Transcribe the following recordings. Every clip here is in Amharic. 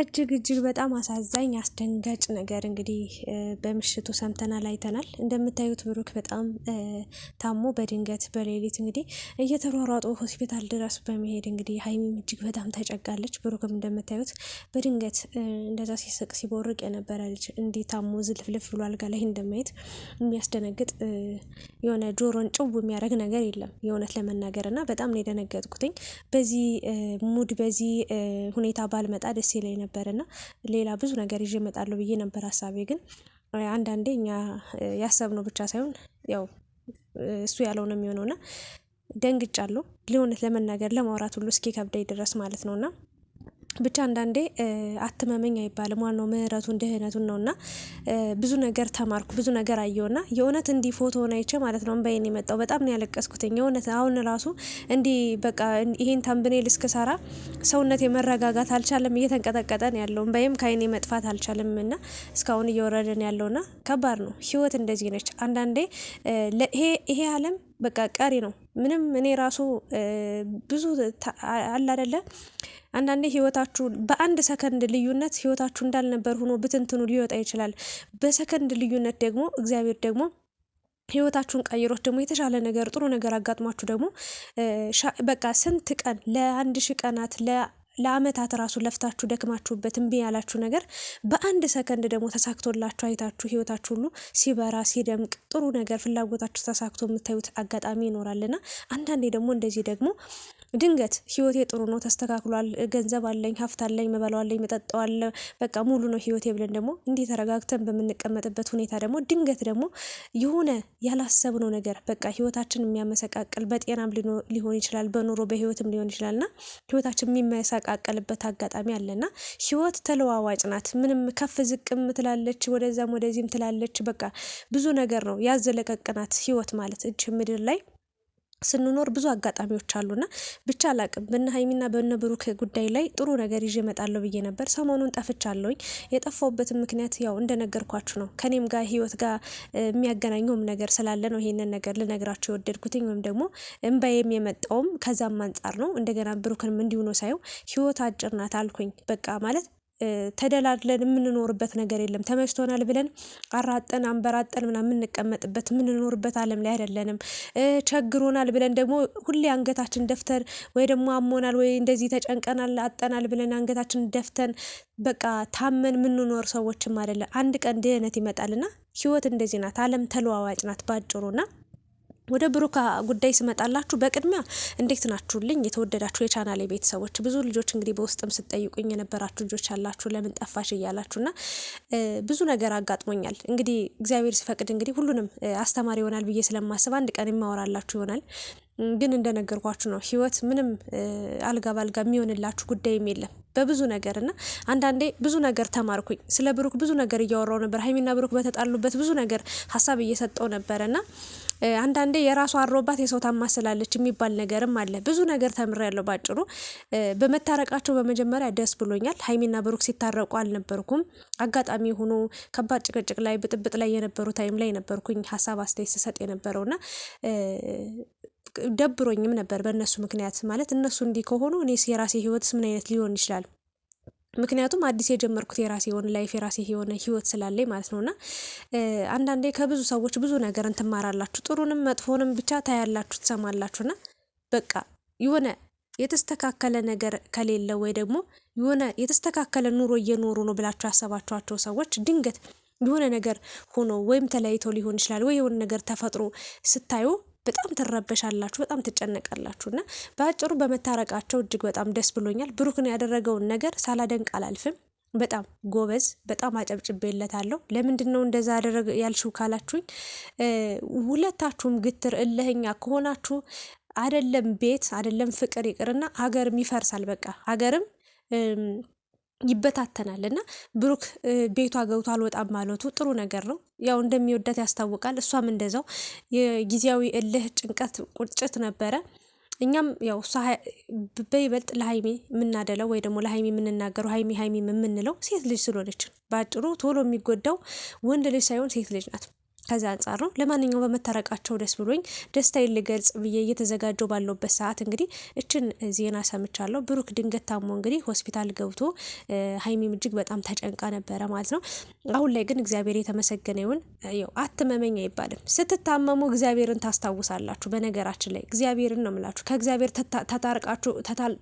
እጅግ እጅግ በጣም አሳዛኝ አስደንጋጭ ነገር እንግዲህ በምሽቱ ሰምተናል፣ አይተናል። እንደምታዩት ብሩክ በጣም ታሞ በድንገት በሌሊት እንግዲህ እየተሯሯጡ ሆስፒታል ድረስ በመሄድ እንግዲህ ሀይሚም እጅግ በጣም ተጨጋለች። ብሩክም እንደምታዩት በድንገት እንደዛ ሲስቅ ሲቦርቅ የነበረ ልጅ እንዲህ ታሞ ዝልፍልፍ ብሎ አልጋ ላይ እንደማየት የሚያስደነግጥ የሆነ ጆሮን ጭው የሚያደርግ ነገር የለም የእውነት ለመናገር እና በጣም ነው የደነገጥኩትኝ። በዚህ ሙድ በዚህ ሁኔታ ባልመጣ ደስ ይለኝ ነበር እና ሌላ ብዙ ነገር ይዤ እመጣለሁ ብዬ ነበር ሀሳቤ። ግን አንዳንዴ እኛ ያሰብነው ብቻ ሳይሆን ያው እሱ ያለው ነው የሚሆነው እና ደንግጫለሁ ለእውነት ለመናገር ለማውራት ሁሉ ከብደኝ ድረስ ማለት ነው እና ብቻ አንዳንዴ አትመመኝ አይባልም። ዋናው ምህረቱን ድህነቱን ነውና ብዙ ነገር ተማርኩ፣ ብዙ ነገር አየውና የእውነት እንዲ ፎቶውን አይቼ ማለት ነው በይን የመጣው በጣም ነው ያለቀስኩትኝ። የእውነት አሁን ራሱ እንዲ በቃ ይሄን ታምብኔል እስክሰራ ሰውነት የመረጋጋት አልቻለም፣ እየተንቀጠቀጠ ነው ያለው። እምባዬም ከአይኔ መጥፋት አልቻለም እና እስካሁን እየወረደን ያለውና ከባድ ነው ህይወት እንደዚህ ነች። አንዳንዴ ይሄ አለም በቃ ቀሪ ነው። ምንም እኔ ራሱ ብዙ አለ አይደለ አንዳንዴ ህይወታችሁ በአንድ ሰከንድ ልዩነት ህይወታችሁ እንዳልነበር ሆኖ ብትንትኑ ሊወጣ ይችላል። በሰከንድ ልዩነት ደግሞ እግዚአብሔር ደግሞ ህይወታችሁን ቀይሮች ደግሞ የተሻለ ነገር ጥሩ ነገር አጋጥሟችሁ ደግሞ በቃ ስንት ቀን ለአንድ ሺህ ቀናት ለ ለአመታት ራሱ ለፍታችሁ ደክማችሁበት እምቢ ያላችሁ ነገር በአንድ ሰከንድ ደግሞ ተሳክቶላችሁ አይታችሁ ህይወታችሁ ሁሉ ሲበራ ሲደምቅ ጥሩ ነገር ፍላጎታችሁ ተሳክቶ የምታዩት አጋጣሚ ይኖራልና አንዳንዴ ደግሞ እንደዚህ ደግሞ ድንገት ህይወቴ ጥሩ ነው፣ ተስተካክሏል፣ ገንዘብ አለኝ፣ ሀብት አለኝ፣ መበላዋለኝ፣ መጠጣዋለ፣ በቃ ሙሉ ነው ህይወቴ ብለን ደግሞ እንዲህ ተረጋግተን በምንቀመጥበት ሁኔታ ደግሞ ድንገት ደግሞ የሆነ ያላሰብነው ነገር በቃ ህይወታችን የሚያመሰቃቅል በጤናም ሊሆን ይችላል፣ በኑሮ በህይወትም ሊሆን ይችላልና ህይወታችን የሚመሰቃቀልበት አጋጣሚ አለና ህይወት ተለዋዋጭ ናት። ምንም ከፍ ዝቅም ትላለች፣ ወደዛም ወደዚህም ትላለች። በቃ ብዙ ነገር ነው ያዘለቀቅናት ህይወት ማለት እች ምድር ላይ ስንኖር ብዙ አጋጣሚዎች አሉና ብቻ አላቅም። በነ ሀይሚና በነ ብሩክ ጉዳይ ላይ ጥሩ ነገር ይዤ እመጣለሁ ብዬ ነበር። ሰሞኑን ጠፍቻለሁኝ። የጠፋሁበትን ምክንያት ያው እንደነገርኳችሁ ነው። ከኔም ጋር ህይወት ጋር የሚያገናኘውም ነገር ስላለ ነው ይሄንን ነገር ልነግራቸው የወደድኩትኝ ወይም ደግሞ እምባዬም የመጣውም ከዛም አንጻር ነው። እንደገና ብሩክንም እንዲሁ ነው ሳየው ህይወት አጭር ናት አልኩኝ። በቃ ማለት ተደላድለን የምንኖርበት ነገር የለም። ተመችቶናል ብለን አራጠን አንበራጠን ምና የምንቀመጥበት የምንኖርበት ዓለም ላይ አይደለንም። ቸግሮናል ብለን ደግሞ ሁሌ አንገታችን ደፍተን ወይ ደግሞ አሞናል ወይ እንደዚህ ተጨንቀናል አጠናል ብለን አንገታችን ደፍተን በቃ ታመን የምንኖር ሰዎችም አይደለም። አንድ ቀን ድህነት ይመጣልና ህይወት እንደዚህ ናት። ዓለም ተለዋዋጭ ናት ባጭሩና ወደ ብሩካ ጉዳይ ስመጣላችሁ በቅድሚያ እንዴት ናችሁልኝ? የተወደዳችሁ የቻናል ቤተሰቦች ብዙ ልጆች እንግዲህ በውስጥም ስጠይቁኝ የነበራችሁ ልጆች አላችሁ፣ ለምን ጠፋሽ ና ብዙ ነገር አጋጥሞኛል። እንግዲህ እግዚአብሔር ሲፈቅድ እንግዲህ ሁሉንም አስተማሪ ይሆናል ብዬ ስለማስብ አንድ ቀን የማወራላችሁ ይሆናል። ግን እንደነገርኳችሁ ነው። ህይወት ምንም አልጋ ባልጋ የሚሆንላችሁ ጉዳይም የለም በብዙ ነገር እና አንዳንዴ ብዙ ነገር ተማርኩኝ። ስለ ብሩክ ብዙ ነገር እያወራው ነበር። ሀይሚና ብሩክ በተጣሉበት ብዙ ነገር ሀሳብ እየሰጠው ነበር እና አንዳንዴ የራሱ አሮባት የሰው ታማስላለች የሚባል ነገርም አለ። ብዙ ነገር ተምሬያለሁ። ባጭሩ በመታረቃቸው በመጀመሪያ ደስ ብሎኛል። ሀይሚና ብሩክ ሲታረቁ አልነበርኩም። አጋጣሚ ሆኖ ከባድ ጭቅጭቅ ላይ ብጥብጥ ላይ የነበሩ ታይም ላይ ነበርኩኝ ሀሳብ አስተያየት ስሰጥ የነበረውና ደብሮኝም ነበር በእነሱ ምክንያት ማለት እነሱ እንዲህ ከሆኑ እኔስ የራሴ ህይወትስ ምን አይነት ሊሆን ይችላል? ምክንያቱም አዲስ የጀመርኩት የራሴ የሆነ ላይፍ የራሴ የሆነ ህይወት ስላለኝ ማለት ነው። እና አንዳንዴ ከብዙ ሰዎች ብዙ ነገርን ትማራላችሁ፣ ጥሩንም መጥፎንም ብቻ ታያላችሁ፣ ትሰማላችሁና በቃ የሆነ የተስተካከለ ነገር ከሌለ ወይ ደግሞ የሆነ የተስተካከለ ኑሮ እየኖሩ ነው ብላችሁ ያሰባችኋቸው ሰዎች ድንገት የሆነ ነገር ሆኖ ወይም ተለያይተው ሊሆን ይችላል ወይ የሆነ ነገር ተፈጥሮ ስታዩ በጣም ትረበሻላችሁ፣ በጣም ትጨነቃላችሁ። እና በአጭሩ በመታረቃቸው እጅግ በጣም ደስ ብሎኛል። ብሩክን ያደረገውን ነገር ሳላደንቅ አላልፍም። በጣም ጎበዝ፣ በጣም አጨብጭቤለታለሁ። ለምንድን ነው እንደዛ ያደረገ ያልሽው ካላችሁኝ፣ ሁለታችሁም ግትር እልህኛ ከሆናችሁ አደለም ቤት አደለም ፍቅር ይቅርና ሀገርም ይፈርሳል። በቃ ሀገርም ይበታተናል እና ብሩክ ቤቷ ገብቶ አልወጣም ማለቱ ጥሩ ነገር ነው። ያው እንደሚወዳት ያስታውቃል። እሷም እንደዛው የጊዜያዊ እልህ፣ ጭንቀት፣ ቁጭት ነበረ። እኛም ያው እሷ በይበልጥ ለሀይሚ የምናደለው ወይ ደግሞ ለሀይሚ የምንናገረው ሀይሚ ሀይሚ የምንለው ሴት ልጅ ስለሆነች፣ በአጭሩ ቶሎ የሚጎዳው ወንድ ልጅ ሳይሆን ሴት ልጅ ናት። ከዚ አንጻር ነው። ለማንኛውም በመታረቃቸው ደስ ብሎኝ ደስታዬን ልገልጽ ብዬ እየተዘጋጀው ባለውበት ሰዓት እንግዲህ እችን ዜና ሰምቻለሁ። ብሩክ ድንገት ታሞ እንግዲህ ሆስፒታል ገብቶ ሀይሚም እጅግ በጣም ተጨንቃ ነበረ ማለት ነው። አሁን ላይ ግን እግዚአብሔር የተመሰገነ ይሁን። ያው አትመመኝ አይባልም። ስትታመሙ እግዚአብሔርን ታስታውሳላችሁ። በነገራችን ላይ እግዚአብሔርን ነው ምላችሁ። ከእግዚአብሔር ተታርቃችሁ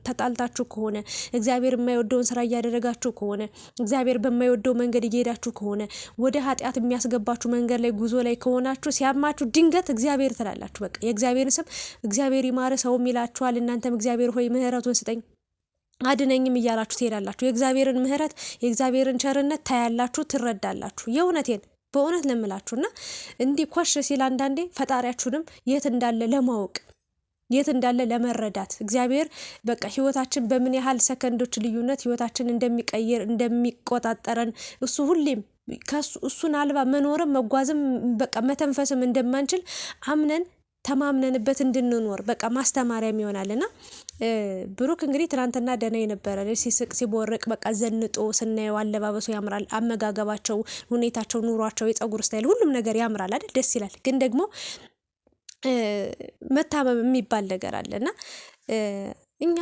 ተጣልታችሁ ከሆነ እግዚአብሔር የማይወደውን ስራ እያደረጋችሁ ከሆነ እግዚአብሔር በማይወደው መንገድ እየሄዳችሁ ከሆነ ወደ ኃጢአት የሚያስገባችሁ መንገድ ላይ ጉዞ ጉዞ ላይ ከሆናችሁ ሲያማችሁ ድንገት እግዚአብሔር ትላላችሁ። በቃ የእግዚአብሔር ስም እግዚአብሔር ይማረ ሰውም ይላችኋል። እናንተም እግዚአብሔር ሆይ ምሕረቱን ስጠኝ አድነኝም እያላችሁ ትሄዳላችሁ። የእግዚአብሔርን ምሕረት የእግዚአብሔርን ቸርነት ታያላችሁ፣ ትረዳላችሁ። የእውነቴን በእውነት ለምላችሁ እና እንዲህ ኮሽ ሲል አንዳንዴ ፈጣሪያችሁንም የት እንዳለ ለማወቅ የት እንዳለ ለመረዳት እግዚአብሔር በቃ ህይወታችን በምን ያህል ሰከንዶች ልዩነት ህይወታችን እንደሚቀይር እንደሚቆጣጠረን እሱ ሁሌም እሱን አልባ መኖርም መጓዝም በቃ መተንፈስም እንደማንችል አምነን ተማምነንበት እንድንኖር በቃ ማስተማሪያም ይሆናልና ብሩክ እንግዲህ ትናንትና ደህና የነበረ ሲስቅ ሲቦርቅ በቃ ዘንጦ ስናየው አለባበሱ ያምራል፣ አመጋገባቸው፣ ሁኔታቸው፣ ኑሯቸው፣ የፀጉር ስታይል ሁሉም ነገር ያምራል አይደል? ደስ ይላል። ግን ደግሞ መታመም የሚባል ነገር አለ እኛ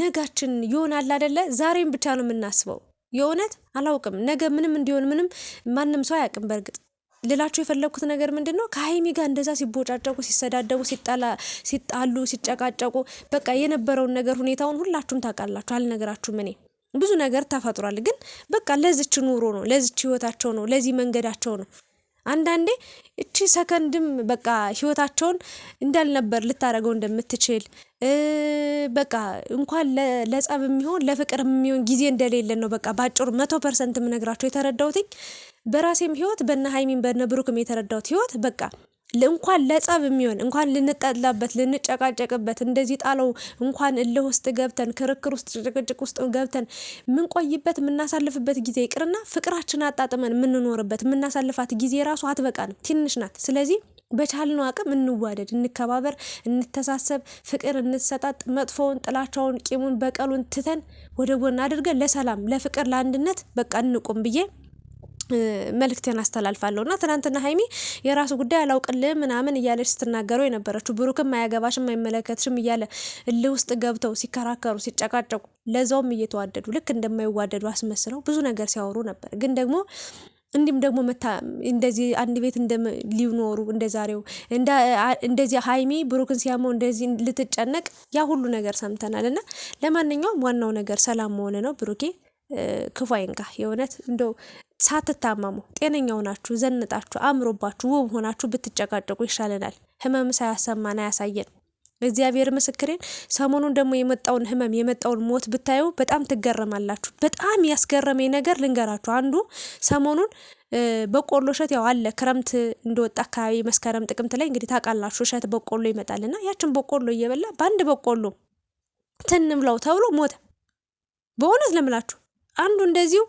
ነጋችን ይሆናል አይደለ? ዛሬም ብቻ ነው የምናስበው። የእውነት አላውቅም። ነገ ምንም እንዲሆን ምንም ማንም ሰው አያውቅም። በእርግጥ ልላችሁ የፈለግኩት ነገር ምንድን ነው ከሀይሚ ጋር እንደዛ ሲቦጫጨቁ፣ ሲሰዳደቡ፣ ሲጣሉ፣ ሲጨቃጨቁ በቃ የነበረውን ነገር ሁኔታውን ሁላችሁም ታውቃላችሁ። አልነገራችሁም እኔ ብዙ ነገር ተፈጥሯል። ግን በቃ ለዚች ኑሮ ነው ለዚች ህይወታቸው ነው ለዚህ መንገዳቸው ነው አንዳንዴ እቺ ሰከንድም በቃ ህይወታቸውን እንዳልነበር ልታደርገው እንደምትችል በቃ እንኳን ለጸብ የሚሆን ለፍቅር የሚሆን ጊዜ እንደሌለን ነው። በቃ በአጭሩ መቶ ፐርሰንት የምነግራቸው የተረዳሁትኝ በራሴም ህይወት በነ ሀይሚን በነ ብሩክም የተረዳሁት ህይወት በቃ እንኳን ለጸብ የሚሆን እንኳን ልንጠላበት ልንጨቃጨቅበት እንደዚህ ጣለው እንኳን እልህ ውስጥ ገብተን ክርክር ውስጥ ጭቅጭቅ ውስጥ ገብተን ምንቆይበት የምናሳልፍበት ጊዜ ይቅርና ፍቅራችን አጣጥመን የምንኖርበት የምናሳልፋት ጊዜ ራሱ አትበቃንም፣ ትንሽ ናት። ስለዚህ በቻልነው አቅም እንዋደድ፣ እንከባበር፣ እንተሳሰብ፣ ፍቅር እንሰጣጥ። መጥፎውን፣ ጥላቻውን፣ ቂሙን፣ በቀሉን ትተን ወደ ጎን አድርገን ለሰላም፣ ለፍቅር፣ ለአንድነት በቃ እንቁም ብዬ መልእክቴን አስተላልፋለሁ እና ትናንትና ሀይሚ የራሱ ጉዳይ አላውቅልም ምናምን እያለች ስትናገረው የነበረችው ብሩክም አያገባሽም አይመለከትሽም እያለ እልህ ውስጥ ገብተው ሲከራከሩ ሲጨቃጨቁ ለዛውም እየተዋደዱ ልክ እንደማይዋደዱ አስመስለው ብዙ ነገር ሲያወሩ ነበር። ግን ደግሞ እንዲም ደግሞ መታ እንደዚህ አንድ ቤት ሊኖሩ እንደ ዛሬው እንደዚህ ሀይሚ ብሩክን ሲያመው እንደዚህ ልትጨነቅ ያ ሁሉ ነገር ሰምተናል እና ለማንኛውም ዋናው ነገር ሰላም መሆን ነው ብሩኬ ክፉ አይንካ። የእውነት እንደው ሳትታመሙ ጤነኛው ናችሁ ዘንጣችሁ አምሮባችሁ ውብ ሆናችሁ ብትጨቃጨቁ ይሻለናል። ህመም ሳያሰማን አያሳየን። እግዚአብሔር ምስክሬን። ሰሞኑን ደግሞ የመጣውን ህመም የመጣውን ሞት ብታዩ በጣም ትገረማላችሁ። በጣም ያስገረመኝ ነገር ልንገራችሁ። አንዱ ሰሞኑን በቆሎ እሸት ያው አለ ክረምት እንደወጣ አካባቢ መስከረም፣ ጥቅምት ላይ እንግዲህ ታውቃላችሁ እሸት በቆሎ ይመጣልና ያችን በቆሎ እየበላ በአንድ በቆሎ ትን ተብሎ ሞተ። በእውነት ለምላችሁ አንዱ እንደዚሁ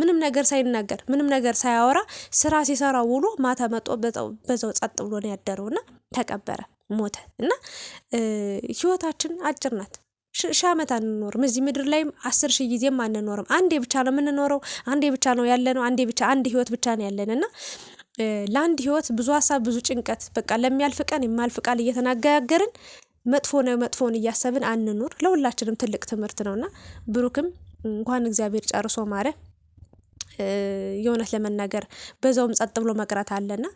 ምንም ነገር ሳይናገር ምንም ነገር ሳያወራ ስራ ሲሰራ ውሎ ማታ መጦ በዛው ጸጥ ብሎ ነው ያደረው ያደረውና ተቀበረ ሞተ። እና ህይወታችን አጭር ናት። ሺህ ዓመት አንኖርም። እዚህ ምድር ላይም አስር ሺህ ጊዜም አንኖርም። አንዴ ብቻ ነው የምንኖረው። አንዴ ብቻ ነው ያለነው። አንዴ ብቻ አንድ ህይወት ብቻ ነው ያለን እና ለአንድ ህይወት ብዙ ሀሳብ፣ ብዙ ጭንቀት በቃ ለሚያልፍ ቀን የማልፍ ቃል እየተናገርን መጥፎ ነው መጥፎውን እያሰብን አንኑር። ለሁላችንም ትልቅ ትምህርት ነውና ብሩክም እንኳን እግዚአብሔር ጨርሶ ማረ የእውነት ለመናገር በዛውም ጸጥ ብሎ መቅረት አለና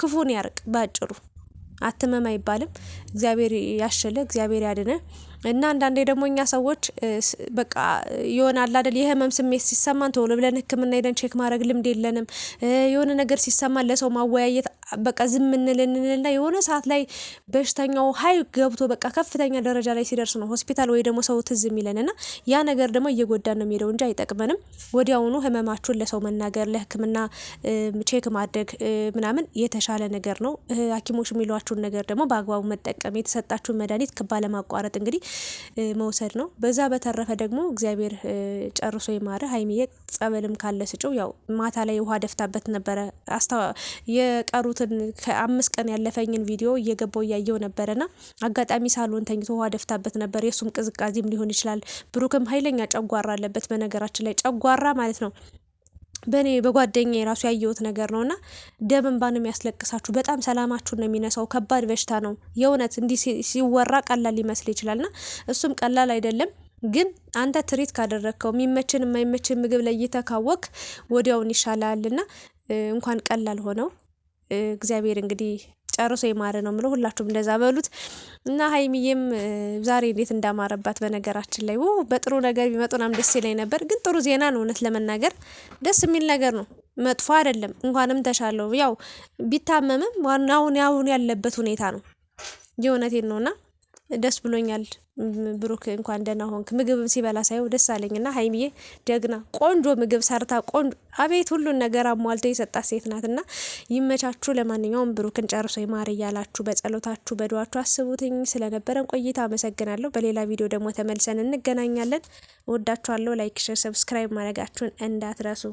ክፉን ያርቅ ባጭሩ። አትመም አይባልም። እግዚአብሔር ያሽለ፣ እግዚአብሔር ያድነ እና አንዳንዴ ደግሞ እኛ ሰዎች በቃ ይሆናል አላደል የህመም ስሜት ሲሰማን ቶሎ ብለን ሕክምና ሄደን ቼክ ማድረግ ልምድ የለንም። የሆነ ነገር ሲሰማን ለሰው ማወያየት በቃ ዝም እንል እንልና የሆነ ሰዓት ላይ በሽተኛው ሀይ ገብቶ በቃ ከፍተኛ ደረጃ ላይ ሲደርስ ነው ሆስፒታል ወይ ደግሞ ሰው ትዝ የሚለን እና ያ ነገር ደግሞ እየጎዳን ነው የሚሄደው እንጂ አይጠቅመንም። ወዲያውኑ ህመማችሁን ለሰው መናገር፣ ለህክምና ቼክ ማድረግ ምናምን የተሻለ ነገር ነው። ሐኪሞች የሚሏችሁን ነገር ደግሞ በአግባቡ መጠቀም፣ የተሰጣችሁን መድኃኒት ባለማቋረጥ እንግዲህ መውሰድ ነው። በዛ በተረፈ ደግሞ እግዚአብሔር ጨርሶ ይማረ ሀይሚዬ ጸበልም ካለ ስጭው። ያው ማታ ላይ ውሃ ደፍታበት ነበረ የቀሩት እንትን ከአምስት ቀን ያለፈኝን ቪዲዮ እየገባው እያየው ነበረና አጋጣሚ ሳሎን ተኝቶ ውሃ ደፍታበት ነበር። የእሱም ቅዝቃዜም ሊሆን ይችላል። ብሩክም ኃይለኛ ጨጓራ አለበት። በነገራችን ላይ ጨጓራ ማለት ነው በእኔ በጓደኛ የራሱ ያየሁት ነገር ነው እና ደም እንባን የሚያስለቅሳችሁ በጣም ሰላማችሁን ነው የሚነሳው። ከባድ በሽታ ነው የእውነት። እንዲህ ሲወራ ቀላል ሊመስል ይችላል ና እሱም ቀላል አይደለም። ግን አንተ ትሪት ካደረግከው የሚመችን የማይመችን ምግብ ለይተህ ካወቅ ወዲያውን ይሻላል ና እንኳን ቀላል ሆነው እግዚአብሔር እንግዲህ ጨርሶ የማረ ነው ምለው ሁላችሁም እንደዛ በሉት እና ሀይሚዬም ዛሬ እንዴት እንዳማረባት በነገራችን ላይ በጥሩ ነገር ቢመጡ ናም ደስ ይለኝ ነበር፣ ግን ጥሩ ዜና ነው። እውነት ለመናገር ደስ የሚል ነገር ነው። መጥፎ አይደለም። እንኳንም ተሻለው። ያው ቢታመምም ዋናውን አሁን ያለበት ሁኔታ ነው። የእውነቴን ነውና ደስ ብሎኛል። ብሩክ እንኳን ደህና ሆንክ። ምግብም ሲበላ ሳየው ደስ አለኝና ሀይሚዬ ደግና ቆንጆ ምግብ ሰርታ ቆንጆ አቤት ሁሉን ነገር አሟልቶ የሰጣት ሴት ናትና ይመቻችሁ። ለማንኛውም ብሩክን ጨርሶ ይማር እያላችሁ በጸሎታችሁ በዱዋችሁ አስቡትኝ። ስለነበረን ቆይታ አመሰግናለሁ። በሌላ ቪዲዮ ደግሞ ተመልሰን እንገናኛለን። ወዳችኋለሁ። ላይክ፣ ሼር፣ ሰብስክራይብ ማድረጋችሁን እንዳትረሱ።